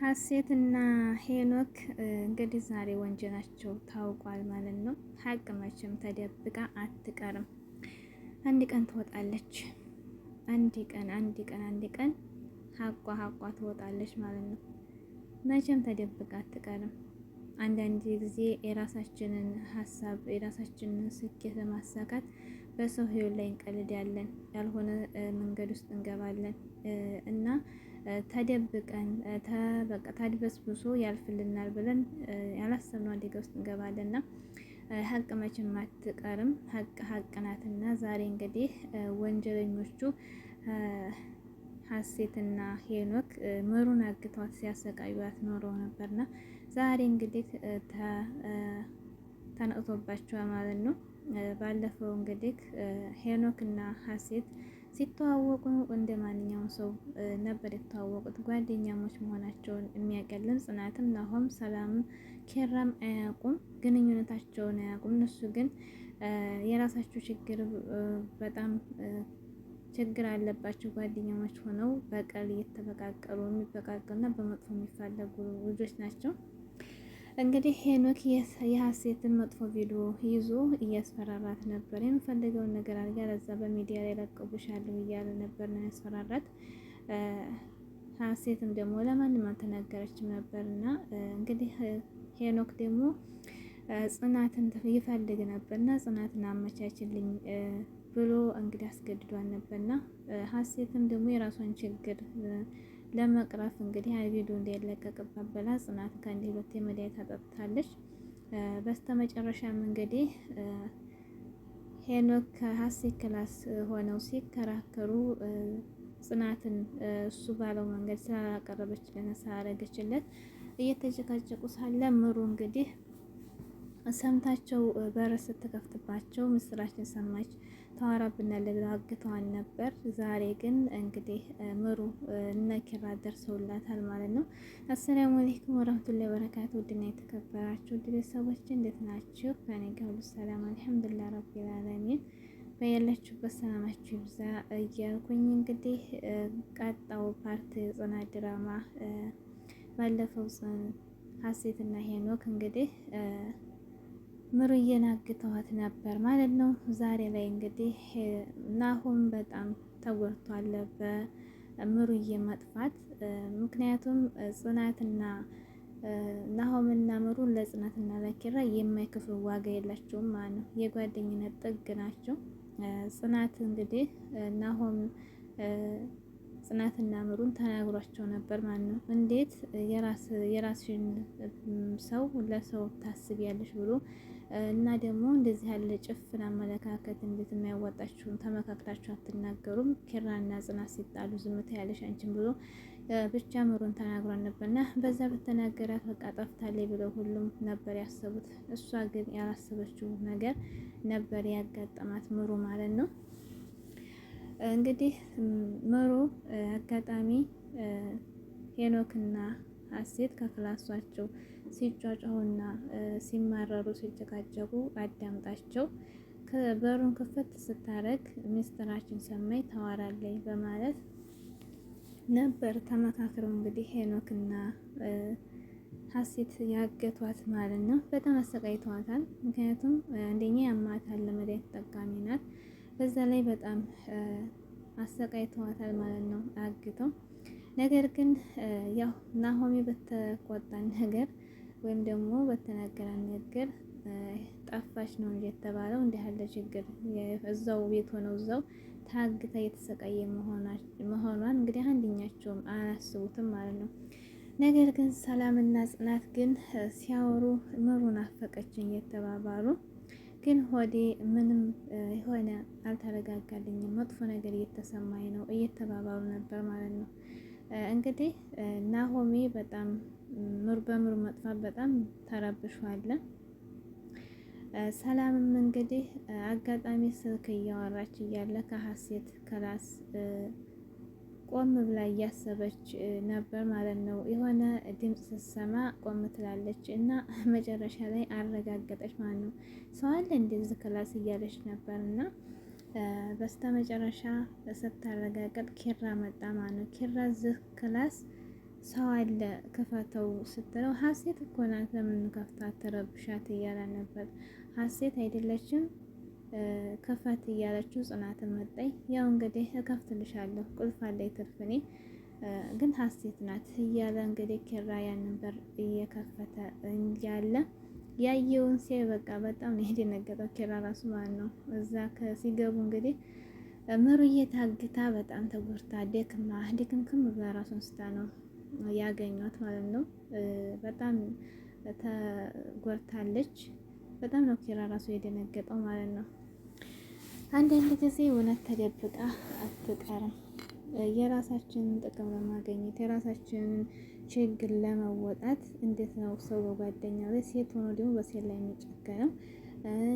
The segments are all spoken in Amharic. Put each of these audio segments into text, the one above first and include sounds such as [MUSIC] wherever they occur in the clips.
ሀሴት እና ሄኖክ እንግዲህ ዛሬ ወንጀላቸው ታውቋል ማለት ነው። ሀቅ መቼም ተደብቃ አትቀርም። አንድ ቀን ትወጣለች። አንድ ቀን አንድ ቀን አንድ ቀን ሀቋ ሀቋ ትወጣለች ማለት ነው። መቼም ተደብቃ አትቀርም። አንዳንድ ጊዜ የራሳችንን ሀሳብ የራሳችንን ስኬት ለማሳካት በሰው ህይወት ላይ እንቀልዳለን፣ ያልሆነ መንገድ ውስጥ እንገባለን እና ተደብቀን በቃ ታድበስብሶ ያልፍልናል ብለን ያላሰብነው አደጋ ውስጥ እንገባለን ና ሀቅ መቼም አትቀርም። ሀቅ ሀቅ ናትና ዛሬ እንግዲህ ወንጀለኞቹ ሀሴትና ሄኖክ ምሩን አግቷት ሲያሰቃዩት ኖረው ነበርና ዛሬ እንግዲህ ተነቅቶባቸዋል ማለት ነው። ባለፈው እንግዲህ ሄኖክና ሀሴት ሲተዋወቁ እንደ ማንኛውም ሰው ነበር የተዋወቁት። ጓደኛሞች መሆናቸውን የሚያቀልም ጽናትም፣ ናሆም፣ ሰላምም ኬራም አያውቁም፣ ግንኙነታቸውን አያውቁም። እነሱ ግን የራሳቸው ችግር በጣም ችግር አለባቸው። ጓደኛሞች ሆነው በቀል እየተበቃቀሉ የሚበቃቀሉና በመጥፎ የሚፋለጉ ልጆች ናቸው። እንግዲህ ሄኖክ የሀሴትን መጥፎ ቪዲዮ ይዞ እያስፈራራት ነበር። የምፈልገውን ነገር አድርጋ ለዛ በሚዲያ ላይ ለቀቡሻለሁ እያለ ነበር ነው ያስፈራራት። ሀሴትም ደግሞ ለማንም አልተናገረችም ነበር እና እንግዲህ ሄኖክ ደግሞ ጽናትን ይፈልግ ነበር እና ጽናትን አመቻችልኝ ብሎ እንግዲህ ነበር ነበርና ሀሴትም ደግሞ የራሷን ችግር ለመቅረፍ እንግዲህ ቪዲዮ እንዳይለቀቅባት ብላ ጽናት ከአንድ ሁለት የመድኃኒት አጠጥታለች። በስተመጨረሻም እንግዲህ ሄኖክ ከሀሴት ክላስ ሆነው ሲከራከሩ ጽናትን እሱ ባለው መንገድ ስላላቀረበችልን አረገችለት እየተጨቃጨቁ ሳለ ምሩ እንግዲህ ሰምታቸው በር ስትከፍትባቸው ምስራችን ሰማች። ተዋራብና አግተዋን ነበር። ዛሬ ግን እንግዲህ ምሩ እነ ኪራ ደርሰውላታል ማለት ነው። አሰላሙ አለይኩም ወራህመቱላሂ ወበረካቱ። ውድና የተከበራችሁ ውድ ቤተሰቦች እንዴት ናችሁ? ከኔ ጋር ሁሉ ሰላም አልሐምዱሊላህ ረቢል ዓለሚን። በያላችሁበት ሰላማችሁ ይብዛ እያልኩኝ እንግዲህ ቀጣው ፓርት ጽናት ድራማ ባለፈው ሀሴትና ሄኖክ እንግዲህ ምሩዬን አግተዋት ነበር ማለት ነው። ዛሬ ላይ እንግዲህ ናሁም በጣም ተጎድቷል በምሩዬ መጥፋት። ምክንያቱም ጽናትና ናሆምና ምሩ ለጽናትና ለኪራ የማይከፍል ዋጋ የላቸውም ማለት ነው። የጓደኝነት ጥግ ናቸው። ጽናት እንግዲህ ናሆም ጽናትና ምሩን ተናግሯቸው ነበር ማለት ነው። እንዴት የራስሽን ሰው ለሰው ታስቢያለሽ ብሎ እና ደግሞ እንደዚህ ያለ ጭፍን አመለካከት እንዴት የሚያዋጣችሁን ተመካክላችሁ አትናገሩም? ኪራና ጽናት ሲጣሉ ዝምታ ያለሽ አንቺን ብሎ ብቻ ምሩን ተናግሯን ነበርና በዛ በተናገራት በቃ ጠፍታለች ብለው ሁሉም ነበር ያሰቡት። እሷ ግን ያላሰበችው ነገር ነበር ያጋጠማት ምሩ ማለት ነው። እንግዲህ ምሩ አጋጣሚ ሄኖክና ሀሴት ከክላሷቸው ሲጫጫሁና ሲማረሩ ሲጨቃጨቁ አዳምጣቸው በሩን ክፍት ስታረግ ሚስጥራችን ሰማይ ታዋራለኝ በማለት ነበር ተመካክረው እንግዲህ ሄኖክና ሀሴት ያገቷት ማለት ነው። በጣም አሰቃይተዋታል። ምክንያቱም አንደኛ ያማታል፣ ለመድኃኒት ተጠቃሚ ናት። በዛ ላይ በጣም አሰቃይተዋታል ማለት ነው አግቶ። ነገር ግን ያው ናሆሚ በተቆጣን ነገር ወይም ደግሞ በተናገራን ነገር ጠፋች ነው እንጂ የተባለው እንዲህ ያለ ችግር እዛው ቤት ሆነው እዛው ታግታ እየተሰቃየ መሆኗን እንግዲህ አንደኛቸውም አያስቡትም ማለት ነው። ነገር ግን ሰላምና ጽናት ግን ሲያወሩ ምሩን አፈቀችን እየተባባሉ ግን ሆዴ ምንም የሆነ አልተረጋጋልኝም፣ መጥፎ ነገር እየተሰማኝ ነው እየተባባሉ ነበር ማለት ነው። እንግዲህ ናሆሜ በጣም ምር በምሩ መጥፋት በጣም ተረብሿል። ሰላምም እንግዲህ አጋጣሚ ስልክ እያወራች እያለ ከሀሴት ክላስ ቆም ብላ እያሰበች ነበር ማለት ነው። የሆነ ድምፅ ስትሰማ ቆም ትላለች እና [LAUGHS] መጨረሻ ላይ አረጋገጠች ማለት ነው። ሰዋለ እንደዚ ክላስ እያለች ነበር እና በስተ መጨረሻ ስታረጋገጥ ኪራ መጣ ማለት ነው። ኪራ ዝህ ክላስ ሰው አለ ክፈተው ስትለው ሀሴት እኮ ናት ለምን ከፍታ ትረብሻት እያለ ነበር። ሀሴት አይደለችም ከፈት እያለችው ጽናትን መጣይ ያው እንግዲህ እከፍትልሻለሁ ቁልፍ አለኝ ትርፍ ግን ሀሴት ናት እያለ እንግዲህ ኪራ ያንን በር እየከፈተ እያለ ያየውን ሲያይ በቃ በጣም ነው የደነገጠው ኪራ ራሱ ማለት ነው። እዛ ከሲገቡ እንግዲህ ምሩዬ ታግታ በጣም ተጎድታ ደክማ ደክምክም ብላ ራሱን ስታ ነው ያገኟት ማለት ነው። በጣም ተጎድታለች። በጣም ነው ኪራ ራሱ የደነገጠው ማለት ነው። አንዳንድ ጊዜ እውነት ተደብቃ አትቀርም። የራሳችንን ጥቅም ለማገኘት የራሳችንን ችግር ለመወጣት እንዴት ነው ሰው በጓደኛ ላይ ሴት ሆኖ ደግሞ በሴት ላይ የሚጨከነው?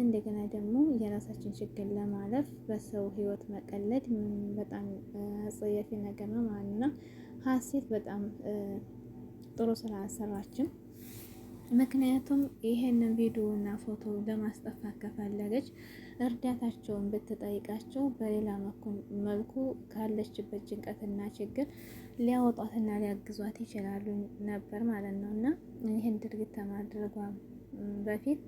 እንደገና ደግሞ የራሳችን ችግር ለማለፍ በሰው ህይወት መቀለድ በጣም አጸያፊ ነገር ነው ማለት ነው። ሀሴት በጣም ጥሩ ስራ አልሰራችም። ምክንያቱም ይሄንን ቪዲዮና ፎቶ ለማስጠፋት ከፈለገች እርዳታቸውን ብትጠይቃቸው በሌላ መልኩ ካለችበት ጭንቀትና ችግር ሊያወጧትና ሊያግዟት ይችላሉ ነበር ማለት ነው እና ይህን ድርጊት ከማድረጓ በፊት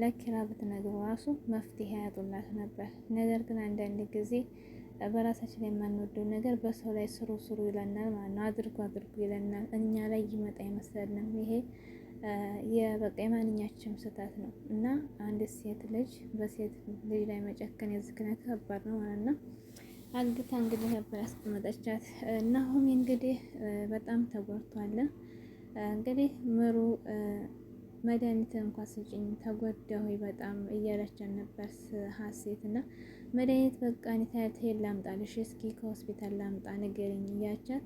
ለኪራ ብትነግሩ ራሱ መፍትሄ ያጡላት ነበር። ነገር ግን አንዳንድ ጊዜ በራሳችን የማንወደው ነገር በሰው ላይ ስሩ ስሩ ይለናል ማለት ነው። አድርጎ አድርጎ ይለናል። እኛ ላይ ይመጣ አይመስለንም ይሄ የበቃ የማንኛችም ስህተት ነው እና አንድ ሴት ልጅ በሴት ልጅ ላይ መጨከን የዝክነት ከባድ ነው ማለት ነው። አግታ እንግዲህ ነበር ያስቀመጠቻት እና ሆሜ እንግዲህ በጣም ተጎድቷል። እንግዲህ ምሩ መድኃኒት እንኳ ስጭኝ ተጎዳሁ በጣም እያለችን ነበር ሀሴት እና መድኃኒት በቃ ኒታያት ሄድ ላምጣልሽ፣ እስኪ ከሆስፒታል ላምጣ ንገረኝ እያቻት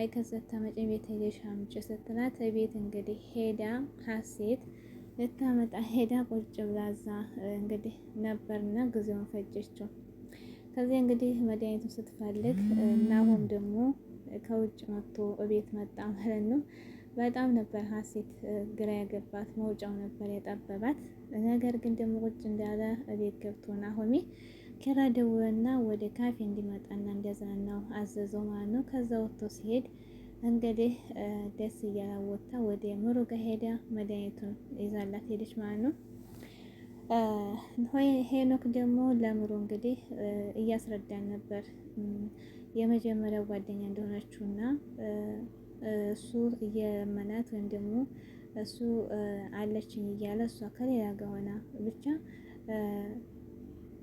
አይ ከሰታመጪ ቤት ሄደሽ አምጪ ስትላት ቤት እንግዲህ ሄዳ ሀሴት ልታመጣ ሄዳ ቁጭ ብላ እዛ እንግዲህ ነበርና ጊዜውን ፈጀችው። ከዚህ እንግዲህ መድኒቱ ስትፈልግ እናሁም ደግሞ ከውጭ መጥቶ እቤት መጣ ማለት ነው። በጣም ነበር ሀሴት ግራ ያገባት፣ መውጫው ነበር የጠበባት። ነገር ግን ደግሞ ቁጭ እንዳለ እቤት ገብቶ ናሆሜ ኪራ ደውሎና ወደ ካፌ እንዲመጣና እንዲያዝናናው አዘዘው ማለት ነው። ከዛ ወጥቶ ሲሄድ እንግዲህ ደስ እያላወታ ወደ ምሩ ጋር ሄዳ መድኃኒቱን ይዛላት ሄደች ማለት ነው። ሄኖክ ደግሞ ለምሮ እንግዲህ እያስረዳን ነበር የመጀመሪያው ጓደኛ እንደሆነችው እንደሆነችውና እሱ እየመናት ወይም ደግሞ እሱ አለችኝ እያለ እሷ ከሌላ ጋር ሆና ብቻ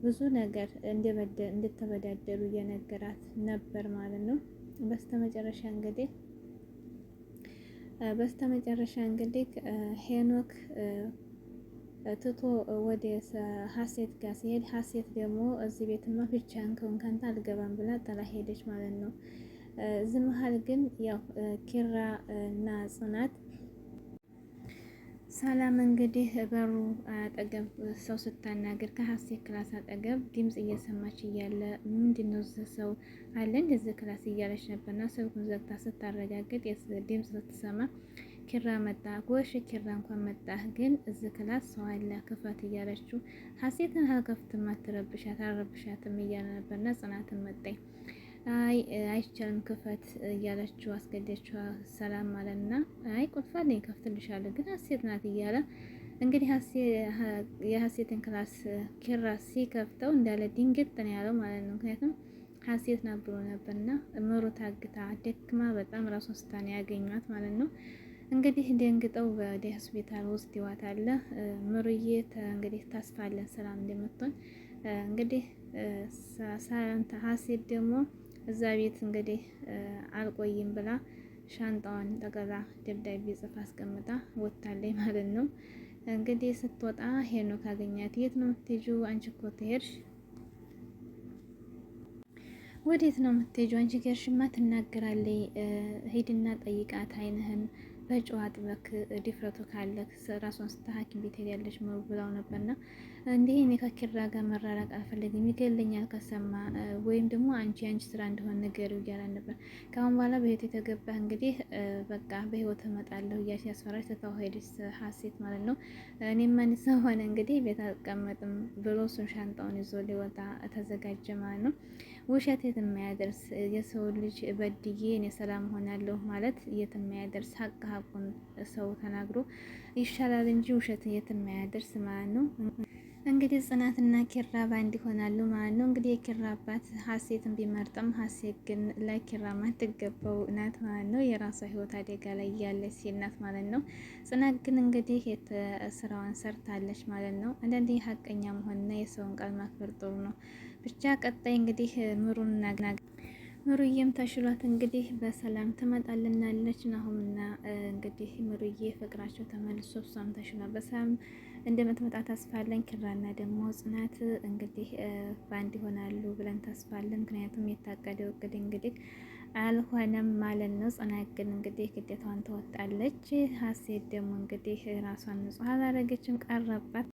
ብዙ ነገር እንደተበዳደሩ እየነገራት ነበር ማለት ነው። በስተመጨረሻ እንግዲህ በስተመጨረሻ እንግዲህ ሄኖክ ትቶ ወደ ሀሴት ጋር ሲሄድ ሀሴት ደግሞ እዚህ ቤትማ ብቻህን ከሆንክ አንተ አልገባም ብላ ጥላ ሄደች ማለት ነው። እዚህ መሀል ግን ያው ኪራ እና ጽናት ሰላም እንግዲህ በሩ አጠገብ ሰው ስታናግር ከሀሴት ክላስ አጠገብ ድምፅ እየሰማች እያለ ምንድን ነው እዚህ ሰው አለ እንደዚህ ክላስ እያለች ነበርና ስልኩን ዘግታ ስታረጋግጥ ድምፅ ስትሰማ ኪራ መጣ። ጎሽ ኪራ እንኳን መጣህ፣ ግን እዚህ ክላስ ሰው አለ ክፈት እያለችው ሀሴትን ከፍትም አትረብሻት አረብሻትም እያለ ነበርና ጽናትን መጣኝ አይ አይቻልም ክፈት እያለችው አስገደችው። ሰላም አለና አይ ቁልፏን ከፍትልሻለሁ ግን ሀሴት ናት እያለ እንግዲህ የሀሴትን ክላስ ኪራ ሲከፍተው እንዳለ ድንገት ነው ያለው ማለት ነው። ምክንያቱም ሀሴት ናት ብሎ ነበርና ምሩ ታግታ ደክማ በጣም ራሷን ስታ ያገኟት ማለት ነው። እንግዲህ ደንግጠው ወደ ሆስፒታል ውስጥ ይዋታለ። ምሩዬ እንግዲህ ታስፋለን ሰላም እንደምትሆን እንግዲህ ሀሴት ደግሞ እዛ ቤት እንግዲህ አልቆይም ብላ ሻንጣዋን ጠቅልላ ደብዳቤ ጽፋ አስቀምጣ ወጥታለች ማለት ነው። እንግዲህ ስትወጣ ሄኖክ አገኛት። የት ነው የምትሄጂው? አንቺ እኮ ትሄድሽ ወዴት ነው የምትሄጂው? አንቺ ከሄድሽማ ትናገራለች። ሂድና ጠይቃት አይንህን በጨዋ ጥበክ ድፍረቱ ካለ ራሷን ስታ ሐኪም ቤት ሄዳለች መሩ ነበርና እንዲህ እኔ ከኪራ ጋር መራራቅ አልፈለግም ይገለኛል ከሰማ ወይም ደግሞ አንቺ አንቺ ስራ እንደሆነ ነገር እያላን ነበር። ከአሁን በኋላ በህይወት የተገባህ እንግዲህ በቃ በህይወት እመጣለሁ እያልሽ ያስፈራሽ ትታው ሄደች ሀሴት ማለት ነው። እኔ ማን ማንስ ሆነ እንግዲህ ቤት አልቀመጥም ብሎ እሱን ሻንጣውን ይዞ ሊወጣ ተዘጋጀ ማለት ነው። ውሸት የትማያደርስ የሰው ልጅ በድዬ እኔ ሰላም ሆናለሁ ማለት የትማያደርስ ሀቅ ሀቁን ሰው ተናግሮ ይሻላል እንጂ ውሸት የትማያደርስ ማለት ነው። እንግዲህ ጽናትና ኪራ ባንድ ይሆናሉ ማለት ነው። እንግዲህ የኪራ አባት ሀሴትን ቢመርጥም ሀሴት ግን ለኪራ ማትገባው ናት ማለት ነው። የራሷ ህይወት አደጋ ላይ ያለች ሴት ናት ማለት ነው። ጽናት ግን እንግዲህ ስራዋን ሰርታለች ማለት ነው። አንዳንዴ ሀቀኛ መሆንና የሰውን ቃል ማክበር ጥሩ ነው። ብቻ ቀጣይ እንግዲህ ምሩን እናገናኝ። ምሩዬም ተሽሏት እንግዲህ በሰላም ትመጣልናለች። ናሁምና እንግዲህ ምሩዬ ፍቅራቸው ተመልሶ እሷም ተሽሏ በሰላም እንደምትመጣ ተስፋለን። ኪራና ደግሞ ጽናት እንግዲህ በአንድ ይሆናሉ ብለን ተስፋለን። ምክንያቱም የታቀደ እቅድ እንግዲህ አልሆነም ማለት ነው። ጽናት ግን እንግዲህ ግዴታዋን ተወጣለች። ሀሴት ደግሞ እንግዲህ ራሷን ንጹሕ አላረገችም ቀረባት።